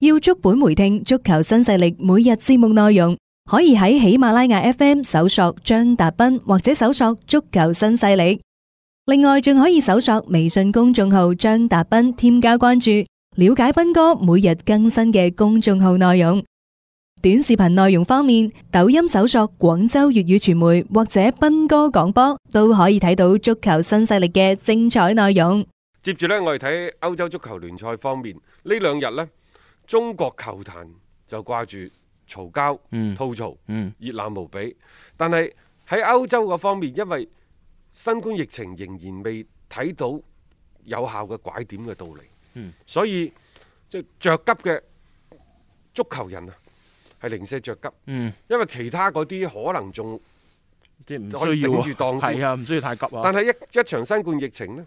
要足本回聽足球新勢力每日節目內容，可以喺喜馬拉雅 FM 搜索張達斌，或者搜索足球新勢力。另外，仲可以搜索微信公眾號張達斌，添加關注，了解斌哥每日更新嘅公眾號內容。短視頻內容方面，抖音搜索廣州粵語傳媒或者斌哥廣播，都可以睇到足球新勢力嘅精彩內容。接住咧，我哋睇歐洲足球聯賽方面，呢兩日咧。中國球壇就掛住嘈交、吐槽，嗯嗯、熱鬧無比。但係喺歐洲嗰方面，因為新冠疫情仍然未睇到有效嘅拐點嘅到嚟，所以即係着急嘅足球人啊，係零舍着急、嗯。因為其他嗰啲可能仲即係唔需要，係啊，唔、啊、需要太急啊。但係一一場新冠疫情呢。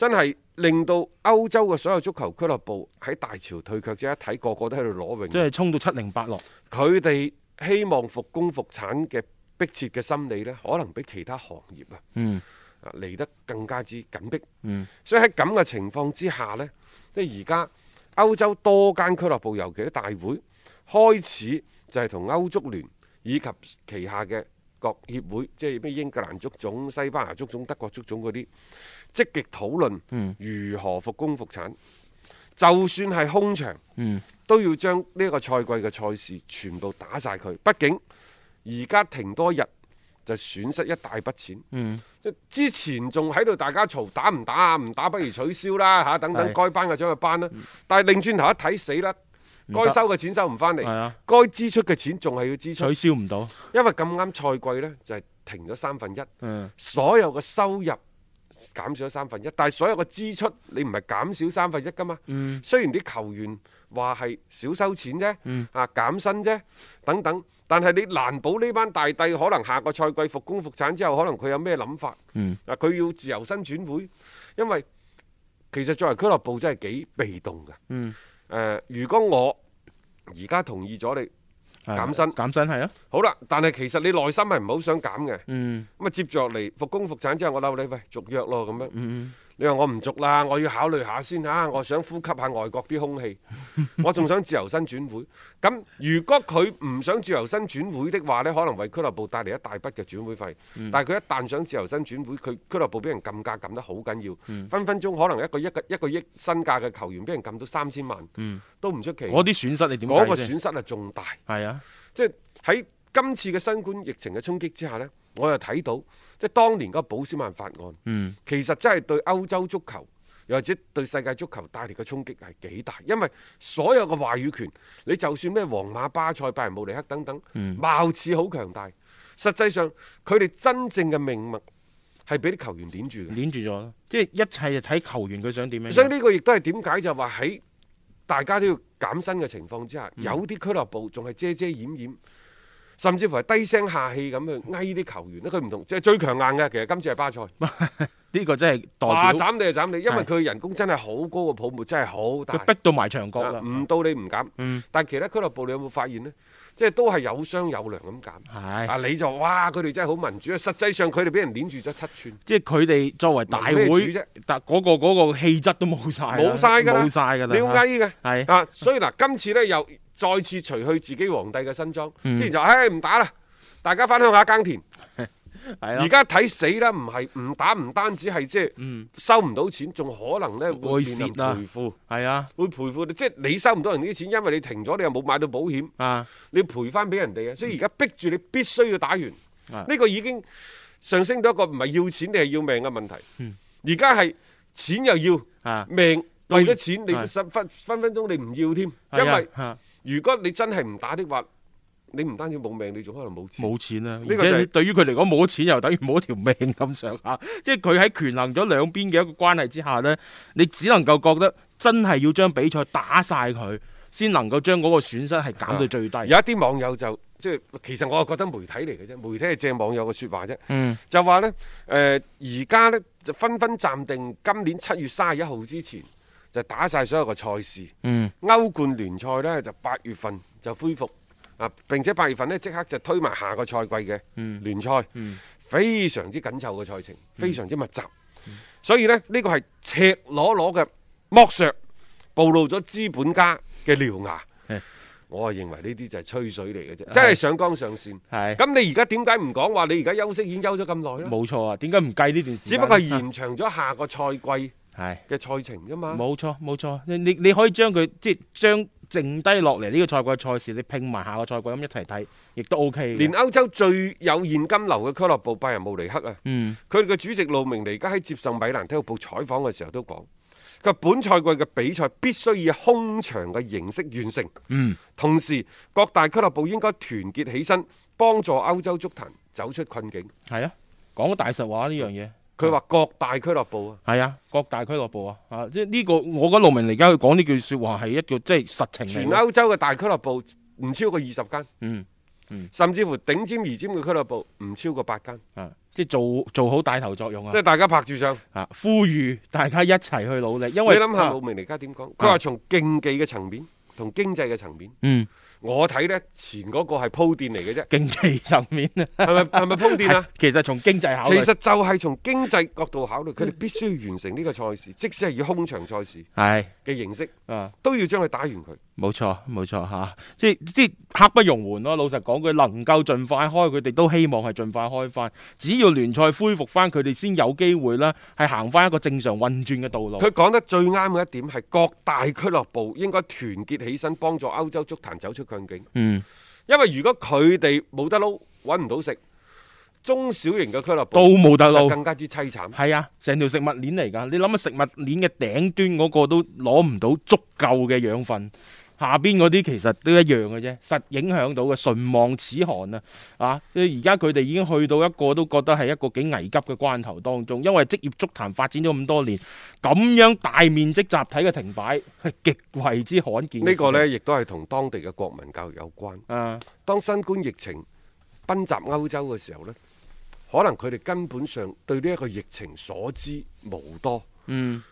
真係令到歐洲嘅所有足球俱樂部喺大潮退卻之後一睇，個個都喺度裸泳，即係衝到七零八落。佢哋希望復工復產嘅迫切嘅心理呢，可能比其他行業啊，嗯，嚟得更加之緊迫。嗯，所以喺咁嘅情況之下呢，即係而家歐洲多間俱樂部，尤其啲大會開始就係同歐足聯以及旗下嘅。各協會即係咩英格蘭足總、西班牙足總、德國足總嗰啲積極討論，如何復工復產。嗯、就算係空場，嗯、都要將呢個賽季嘅賽事全部打晒佢。畢竟而家停多日就損失一大筆錢。即、嗯、之前仲喺度大家嘈打唔打啊？唔打不如取消啦嚇、啊！等等該班嘅將去班啦。嗯、但係擰轉頭一睇死啦。該收嘅錢收唔翻嚟，係啊，該支出嘅錢仲係要支出，取消唔到，因為咁啱賽季呢，就係、是、停咗三分一，啊、所有嘅收入減少咗三分一，但係所有嘅支出你唔係減少三分一噶嘛，嗯，雖然啲球員話係少收錢啫，嗯，啊減薪啫等等，但係你難保呢班大帝可能下個賽季復工復產之後，可能佢有咩諗法，嗯，佢、啊、要自由身轉會，因為其實作為俱樂部真係幾被動噶，嗯。誒、呃，如果我而家同意咗你減薪、啊，減薪係啊，好啦，但係其實你內心係唔好想減嘅，嗯，咁啊接着嚟復工復產之後，我鬧你，喂，續約咯，咁樣，嗯嗯。你話我唔續啦，我要考慮下先嚇。我想呼吸下外國啲空氣，我仲想自由身轉會。咁 如果佢唔想自由身轉會的話呢，可能為俱樂部帶嚟一大筆嘅轉會費。嗯、但係佢一旦想自由身轉會，佢俱樂部俾人撳價撳得好緊要，分分鐘可能一個一個一個億身價嘅球員俾人撳到三千萬，嗯、都唔出奇。我啲損失你點我、我個損失啊，仲大。係啊，即係喺今次嘅新冠疫情嘅衝擊之下呢。我又睇到即係當年個《保斯曼法案》嗯，其實真係對歐洲足球又或者對世界足球帶嚟嘅衝擊係幾大，因為所有嘅話語權，你就算咩皇馬、巴塞、拜仁慕尼黑等等，嗯、貌似好強大，實際上佢哋真正嘅命脈係俾啲球員點住嘅，點住咗，即係一切就睇球員佢想點樣。所以呢個亦都係點解就話喺大家都要減薪嘅情況之下，嗯、有啲俱樂部仲係遮遮掩掩。甚至乎係低聲下氣咁去壓啲球員咧，佢唔同，即係最強硬嘅。其實今次係巴塞，呢 個真係代表話斬你就斬你，因為佢人工真係好高嘅泡沫，真係好大。佢逼到埋牆角啦，唔到你唔減。但係其他俱樂部你有冇發現呢？即係都係有商有量咁減。係，但、啊、你就哇，佢哋真係好民主啊！實際上佢哋俾人捏住咗七寸。即係佢哋作為大會，主但嗰、那個嗰、那個氣質都冇晒冇曬㗎，冇晒㗎啦。你要壓依啊，所以嗱，今次咧又。再次除去自己皇帝嘅新裝，嗯、之前就唉唔打啦，大家翻鄉下耕田。而家睇死啦，唔係唔打唔單止係即係收唔到錢，仲可能呢會，會賠付。係啊，會賠付。你。即係你收唔到人啲錢，因為你停咗，你又冇買到保險。啊，你賠翻俾人哋啊，所以而家逼住你、嗯、必須要打完。呢、啊呢個已經上升到一個唔係要錢，你係要命嘅問題。而家係錢又要命，啊、為咗錢、啊、你十分分，分分鐘你唔要添、啊，因為。啊如果你真係唔打的話，你唔單止冇命，你仲可能冇錢。冇錢啦、啊這個就是，而且對於佢嚟講，冇錢又等於冇一條命咁上下。即係佢喺權衡咗兩邊嘅一個關係之下呢，你只能夠覺得真係要將比賽打晒佢，先能夠將嗰個損失係減到最低。嗯、有一啲網友就即係，其實我係覺得媒體嚟嘅啫，媒體係借網友嘅說話啫。嗯，就話呢，誒、呃，而家呢，就紛紛暫定今年七月三十一號之前。就打晒所有嘅賽事，歐、嗯、冠聯賽呢就八月份就恢復啊，並且八月份呢即刻就推埋下個賽季嘅聯賽，非常之緊湊嘅賽程，非常之密集。嗯、所以呢，呢、這個係赤裸裸嘅剝削，暴露咗資本家嘅獠牙。我啊認為呢啲就係吹水嚟嘅啫，真係上綱上線。係咁你而家點解唔講話？你而家休息已經休咗咁耐呢？冇錯啊，點解唔計呢件事？只不過延長咗下個賽季。啊係嘅，賽程㗎嘛。錯，冇錯冇錯，你你你可以將佢即將剩低落嚟呢個賽季賽事，你拼埋下個賽季咁一齊睇，亦都 O K。連歐洲最有現金流嘅俱樂部拜仁慕尼黑啊，嗯，佢哋嘅主席路明嚟路明尼，而家喺接受米蘭體育報採訪嘅時候都講，佢本賽季嘅比賽必須以空場嘅形式完成，嗯，同時各大俱樂部應該團結起身，幫助歐洲足壇走出困境。係啊，講大實話呢樣嘢。佢話各大俱樂部啊，係啊，各大俱樂部啊，啊，即係呢個，我覺得魯明而家佢講呢句説話係一個即係實情嚟。全歐洲嘅大俱樂部唔超過二十間，嗯嗯，甚至乎頂尖而尖嘅俱樂部唔超過八間，啊，即係做做好帶頭作用啊，即係大家拍住上，啊，呼籲大家一齊去努力，因為你諗下魯明而家點講？佢話從競技嘅層面同經濟嘅層面，嗯。我睇咧前嗰個係鋪墊嚟嘅啫，競技層面啊，係咪係咪鋪墊啊？其實從經濟考慮，其實就係從經濟角度考慮，佢 哋必須完成呢個賽事，即使係以空場賽事，係嘅形式，啊，都要將佢打完佢。冇錯，冇錯吓，即係即刻不容緩咯。老實講句，能夠盡快開，佢哋都希望係盡快開翻。只要聯賽恢復翻，佢哋先有機會啦，係行翻一個正常運轉嘅道路。佢講得最啱嘅一點係，各大俱樂部應該團結起身，幫助歐洲足壇走出困境。嗯，因為如果佢哋冇得撈，搵唔到食，中小型嘅俱樂部都冇得撈，就更加之凄慘。係啊，成條食物鏈嚟噶，你諗下食物鏈嘅頂端嗰個都攞唔到足夠嘅養分。下邊嗰啲其實都一樣嘅啫，實影響到嘅，唇亡齒寒啊！啊，所以而家佢哋已經去到一個都覺得係一個幾危急嘅關頭當中，因為職業足壇發展咗咁多年，咁樣大面積集體嘅停擺係極為之罕見的。呢、這個呢，亦都係同當地嘅國民教育有關。啊，當新冠疫情奔襲歐洲嘅時候呢，可能佢哋根本上對呢一個疫情所知無多。嗯。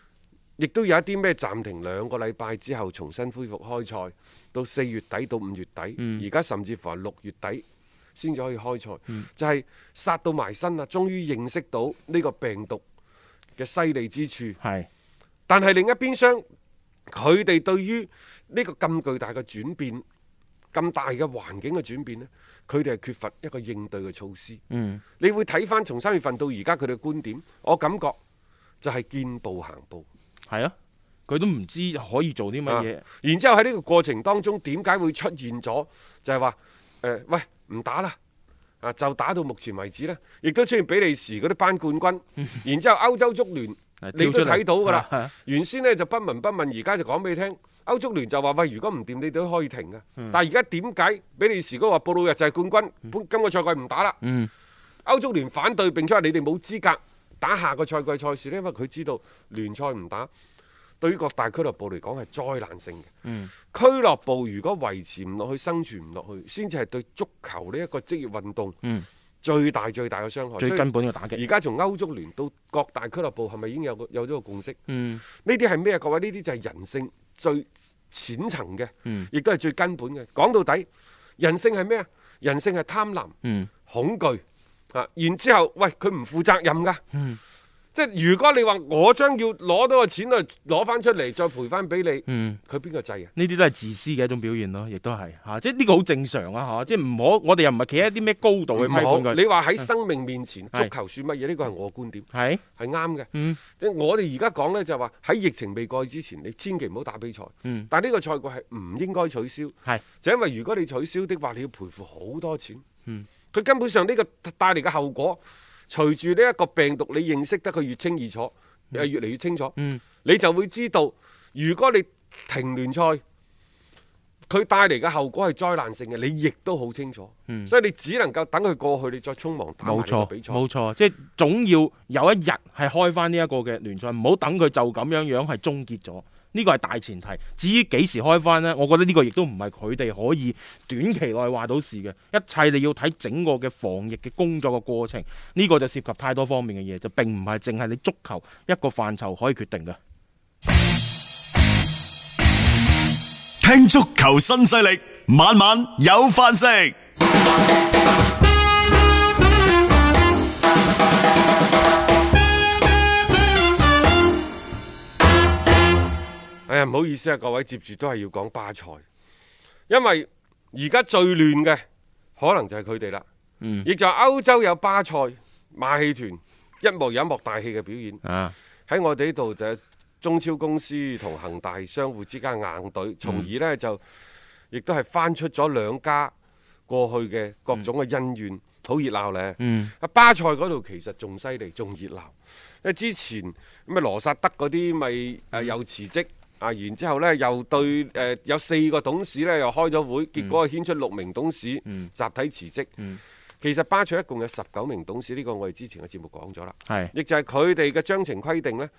亦都有一啲咩暫停兩個禮拜之後重新恢復開賽，到四月底到五月底，而、嗯、家甚至乎係六月底先至可以開賽。嗯、就係、係、殺到埋身啦，終於認識到呢個病毒嘅犀利之處。係，但係另一邊廂，佢哋對於呢個咁巨大嘅轉變、咁大嘅環境嘅轉變，呢佢哋係缺乏一個應對嘅措施。嗯，你會睇返從三月份到而家佢哋嘅觀點，我感覺就係見步行步。係啊，佢都唔知可以做啲乜嘢。然之後喺呢個過程當中，點解會出現咗？就係話誒，喂，唔打啦，啊，就打到目前為止呢，亦都出現比利時嗰啲班冠軍。 然之後歐洲足聯你都睇到噶啦、啊啊，原先呢就不聞不問，而家就講俾你聽，歐足聯就話喂，如果唔掂，你都可以停噶、啊嗯。但係而家點解比利時嗰個布魯日就係冠軍，今、嗯今個賽季唔打啦？嗯，歐足聯反對，並且話你哋冇資格。打下個賽季賽事呢，因為佢知道聯賽唔打，對於各大俱樂部嚟講係災難性嘅、嗯。俱樂部如果維持唔落去，生存唔落去，先至係對足球呢一個職業運動最大最大嘅傷害，最根本嘅打擊。而家從歐足聯到各大俱樂部，係咪已經有個有咗個共識？呢啲係咩啊？各位，呢啲就係人性最淺層嘅，亦都係最根本嘅。講到底，人性係咩啊？人性係貪婪、嗯、恐懼。啊！然之後喂，佢唔負責任噶、嗯，即係如果你話我將要攞到個錢去攞翻出嚟再賠翻俾你，佢邊個制啊？呢啲都係自私嘅一種表現咯，亦都係吓、啊，即係呢、呢個好正常啊吓，即係唔好，我哋又唔係企喺啲咩高度去批兩你話喺生命面前、嗯、足球算乜嘢？呢個係我嘅觀點，係係啱嘅。即係我哋而家講咧就話喺疫情未過去之前，你千祈唔好打比賽。嗯、但係呢個賽季係唔應該取消，係就是、因為如果你取消的話，你要賠付好多錢。嗯佢根本上呢個帶嚟嘅後果，隨住呢一個病毒，你認識得佢越清越楚，又、嗯、越嚟越清楚、嗯，你就會知道，如果你停聯賽，佢帶嚟嘅後果係災難性嘅，你亦都好清楚、嗯。所以你只能夠等佢過去，你再匆忙打埋個比賽。冇錯，冇錯，即係總要有一日係開返呢一個嘅聯賽，唔好等佢就咁樣樣係終結咗。呢個係大前提，至於幾時開翻呢？我覺得呢個亦都唔係佢哋可以短期內話到事嘅，一切你要睇整個嘅防疫嘅工作嘅過程，呢個就涉及太多方面嘅嘢，就並唔係淨係你足球一個範疇可以決定嘅。聽足球新勢力，晚晚有飯食。唔好意思啊，各位接住都係要講巴塞，因為而家最亂嘅可能就係佢哋啦。亦、嗯、就歐洲有巴塞馬戲團一幕有一幕大戲嘅表演啊。喺我哋呢度就係中超公司同恒大相互之間硬懟，從、嗯、而咧，就亦都係翻出咗兩家過去嘅各種嘅恩怨，好熱鬧咧。啊、嗯、巴塞嗰度其實仲犀利，仲熱鬧。因為之前咁啊羅薩德嗰啲咪誒又辭職。嗯啊！然之後呢又對、呃、有四個董事呢又開咗會，結果係牽出六名董事、嗯、集體辭職、嗯嗯。其實巴塞一共有十九名董事，呢、這個我哋之前嘅節目講咗啦。亦就係佢哋嘅章程規定呢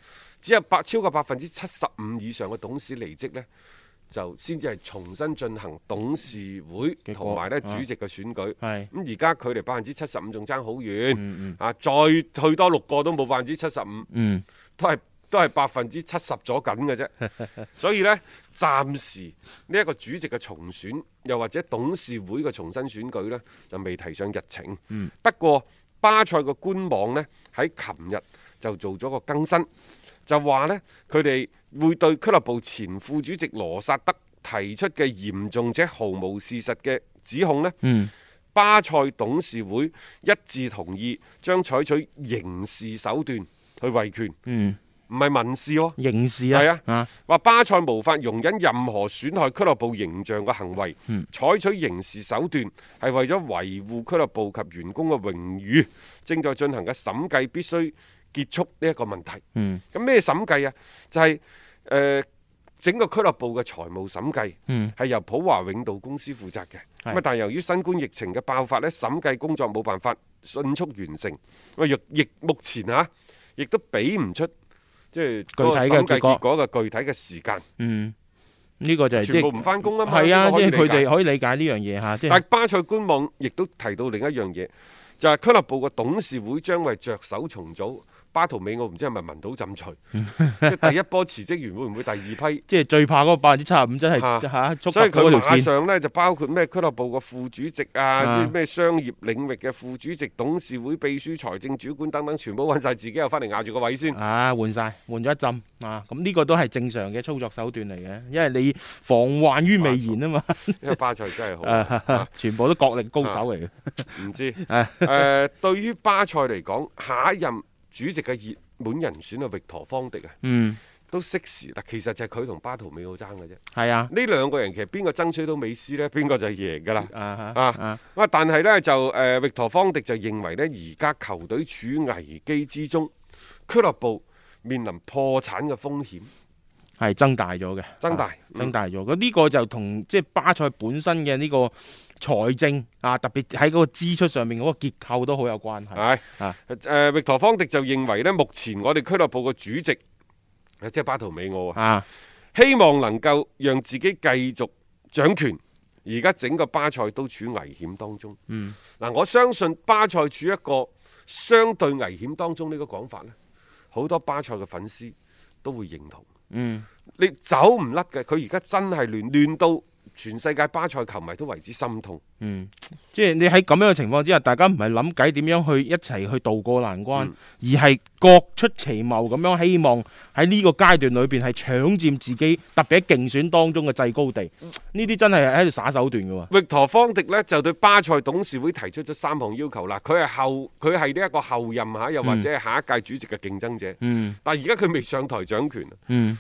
只有百超過百分之七十五以上嘅董事離職呢就先至係重新進行董事會同埋主席嘅選舉。咁，而家佢哋百分之七十五仲爭好遠。啊，再退多六個都冇百分之七十五。都係。都係百分之七十左右嘅啫，所以呢，暫時呢一個主席嘅重選，又或者董事會嘅重新選舉呢，就未提上日程。嗯，不過巴塞個官網呢，喺琴日就做咗個更新，就話呢，佢哋會對俱樂部前副主席羅薩德提出嘅嚴重且毫無事實嘅指控呢，嗯，巴塞董事會一致同意將採取刑事手段去維權。嗯。唔係民事喎、啊，刑事啊，啊，話、啊、巴塞無法容忍任何損害俱樂部形象嘅行為、嗯，採取刑事手段係為咗維護俱樂部及員工嘅榮譽。正在進行嘅審計必須結束呢一個問題。咁、嗯、咩審計啊？就係、是、誒、呃、整個俱樂部嘅財務審計，係由普華永道公司負責嘅。咁、嗯、但由於新冠疫情嘅爆發咧，審計工作冇辦法迅速完成。咁啊，亦目前啊，亦都畀唔出。即係具體嘅結果嘅具體嘅時間。嗯，呢、這個就係、是、全部唔翻工啊嘛。係啊，即係佢哋可以理解呢樣嘢吓。但係巴塞官網亦都提到另一樣嘢，就係俱樂部嘅董事會將會着手重組。巴圖美我唔知係咪聞到浸除，即係第一波辭職完會唔會第二批？ 即係最怕嗰個百分之七十五真係吓、啊啊，所以佢馬上咧就包括咩俱樂部個副主席啊，即係咩商業領域嘅副主席、董事會秘書、財政主管等等，全部揾晒自己又翻嚟咬住個位先啊，換晒換咗一浸啊，咁呢個都係正常嘅操作手段嚟嘅，因為你防患於未然啊嘛。呢、這個巴塞真係好、啊啊，全部都角力高手嚟嘅。唔、啊啊、知誒、 呃，對於巴塞嚟講，下一任。主席嘅熱門人選啊，域陀方迪啊，嗯，都適時。嗱，其實就係佢同巴圖美奧爭嘅啫。係啊，呢兩個人其實邊個爭取到美斯呢？邊個就係贏噶啦。啊啊啊，啊！但係呢，就誒域陀方迪就認為呢，而家球隊處於危機之中，俱樂部面臨破產嘅風險。係增大咗嘅，增大，啊、增大咗。咁、嗯、呢、這個就同即係巴塞本身嘅呢個財政啊，特別喺嗰個支出上面嗰個結構都好有關係。係、哎、啊，誒、啊，沃、陀、方迪就認為呢，目前我哋俱樂部嘅主席，即、啊、係、就是、巴圖美奧啊，希望能夠讓自己繼續掌權。而家整個巴塞都處危險當中。嗯，嗱、啊，我相信巴塞處一個相對危險當中呢個講法咧，好多巴塞嘅粉絲都會認同。嗯你，你走唔甩嘅，佢而家真係亂亂到。全世界巴塞球迷都為之心痛。嗯，即係你喺咁樣嘅情況之下，大家唔係諗緊點樣去一齊去渡過難關，嗯、而係各出其謀咁樣，希望喺呢個階段裏邊係搶佔自己特別喺競選當中嘅制高地。呢啲真係喺度耍手段嘅喎、啊嗯。域陀方迪呢就對巴塞董事會提出咗三項要求啦。佢係後，佢係呢一個後任吓，又或者係下一屆主席嘅競爭者。嗯，但係而家佢未上台掌權。嗯，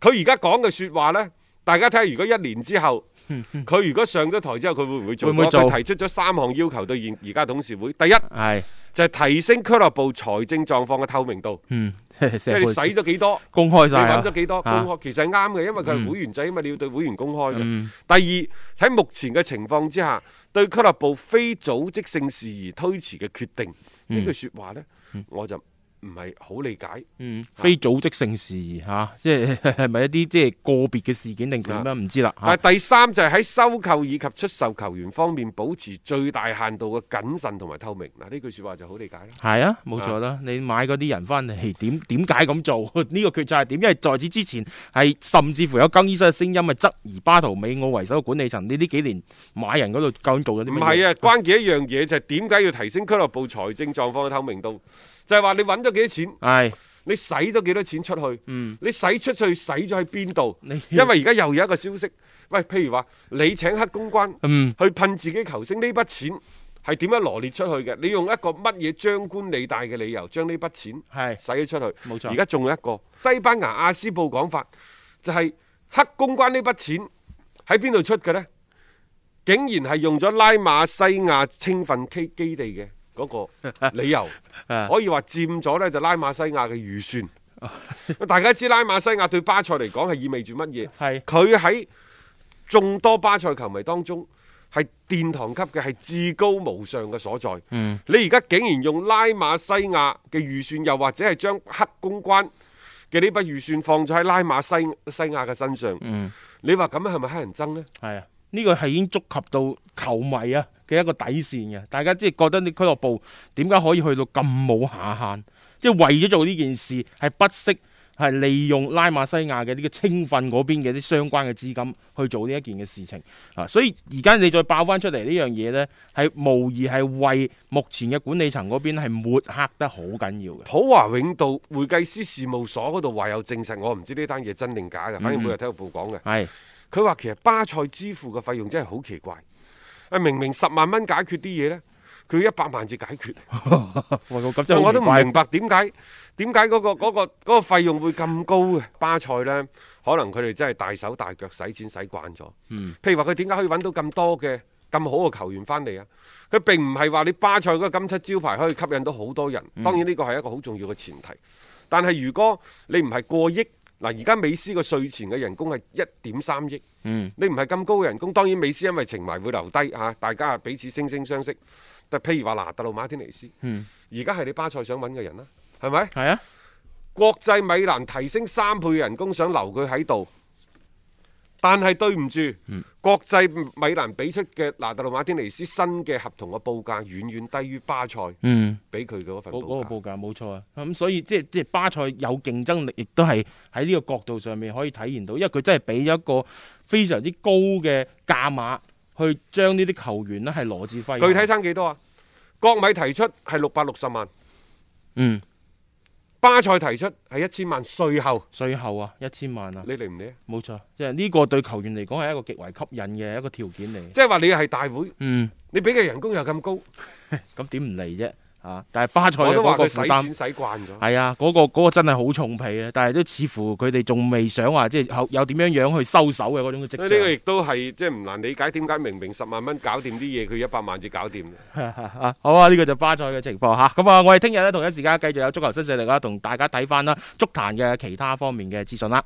佢而家講嘅説話呢，大家睇下，如果一年之後。佢、嗯嗯、如果上咗台之後，佢會唔會，、啊、會，會做？會唔會做？再提出咗三項要求對現而家董事會，第一係就係、是、提升俱樂部財政狀況嘅透明度。嗯，即 係你使咗幾多，公開晒。你揾咗幾多，公、啊、開。其實係啱嘅，因為佢係會員制，嘛、嗯、你要對會員公開嘅、嗯。第二喺目前嘅情況之下，對俱樂部非組織性事宜推遲嘅決定呢句、嗯這個、說話呢，嗯、我就。唔係好理解，嗯，非組織性事宜嚇，即係係咪一啲即係個別嘅事件定點樣唔、啊、知啦、啊。但係第三就係喺收購以及出售球員方面保持最大限度嘅謹慎同埋透明。嗱、啊、呢句說話就好理解啦。係啊，冇、啊、錯啦。你買嗰啲人翻嚟，點解咁做？呢、這個決策係點？因為在此之前係甚至乎有更衣室嘅聲音啊，質疑巴圖美奧為首嘅管理層，你呢幾年買人嗰度究竟做緊啲咩？唔係啊，啊，關鍵一樣嘢就係點解要提升俱樂部財政狀況嘅透明度。就係、是、話你揾咗幾多少錢？係你使咗幾多少錢出去？嗯，你使出去使咗喺邊度？你因為而家又有一個消息，喂，譬如話你請黑公關，嗯，去噴自己球星呢筆錢係點、嗯、樣羅列出去嘅？你用一個乜嘢張冠李戴嘅理由將呢筆錢係使咗出去？冇錯。而家仲有一個西班牙亞斯報講法，就係、是、黑公關呢筆錢喺邊度出嘅呢？竟然係用咗拉馬西亞青訓基地嘅。嗰個理由可以話佔咗咧就拉馬西亞嘅預算，大家知拉馬西亞對巴塞嚟講係意味住乜嘢？係佢喺眾多巴塞球迷當中係殿堂級嘅，係至高無上嘅所在。嗯，你而家竟然用拉馬西亞嘅預算，又或者係將黑公關嘅呢筆預算放咗喺拉馬西西亞嘅身上，嗯，你話咁係咪黑人憎呢？係啊。呢、這個係已經觸及到球迷啊嘅一個底線嘅，大家即係覺得啲俱樂部點解可以去到咁冇下限？即係為咗做呢件事，係不惜係利用拉馬西亞嘅呢個青訓嗰邊嘅啲相關嘅資金去做呢一件嘅事情啊！所以而家你再爆翻出嚟呢樣嘢呢，係無疑係為目前嘅管理層嗰邊係抹黑得好緊要嘅。普華永道會計師事務所嗰度話有證實，我唔知呢單嘢真定假嘅，反正每日體育部講嘅。係、嗯。佢話其實巴塞支付嘅費用真係好奇怪，啊明明十萬蚊解決啲嘢咧，佢要一百萬至解決。 我都唔明白點解點解嗰個嗰個嗰個費用會咁高嘅？巴塞呢，可能佢哋真係大手大腳使錢使慣咗、嗯。譬如話佢點解可以揾到咁多嘅咁好嘅球員翻嚟啊？佢並唔係話你巴塞嗰個金漆招牌可以吸引到好多人，當然呢個係一個好重要嘅前提。但係如果你唔係過億，嗱，而家美斯個稅前嘅人工係一點三億，你唔係咁高嘅人工，當然美斯因為情懷會留低吓，大家啊彼此惺惺相惜。但譬如話拿特魯馬天尼斯，而家係你巴塞想揾嘅人啦，係咪？係啊，國際米蘭提升三倍人工想留佢喺度。但係對唔住，國際米蘭俾出嘅拿特魯馬丁尼斯新嘅合同嘅報價遠遠低於巴塞俾、嗯、佢份嗰、嗯嗰個報價，冇錯啊。咁所以即係即係巴塞有競爭力，亦都係喺呢個角度上面可以體現到，因為佢真係俾咗一個非常之高嘅價碼去將呢啲球員呢係羅智輝。具體差幾多啊？國米提出係六百六十萬。嗯。巴塞提出係一千萬稅後，稅後啊，一千萬啊，你嚟唔嚟啊？冇錯，即係呢個對球員嚟講係一個極為吸引嘅一個條件嚟嘅。即係話你係大會，嗯，你俾嘅人工又咁高，咁點唔嚟啫？啊！但係巴塞嘅嗰個使錢使慣咗，係啊，嗰、嗰個嗰、嗰個真係好重皮啊！但係都似乎佢哋仲未想話即係有點樣樣去收手嘅嗰種嘅跡象。呢個亦都係即係唔難理解，點解明明十萬蚊搞掂啲嘢，佢一百萬至搞掂 好啊，呢、呢個就巴塞嘅情況吓。咁啊，我哋聽日咧同一時間繼續有足球新勢力啦，同大家睇翻啦，足壇嘅其他方面嘅資訊啦。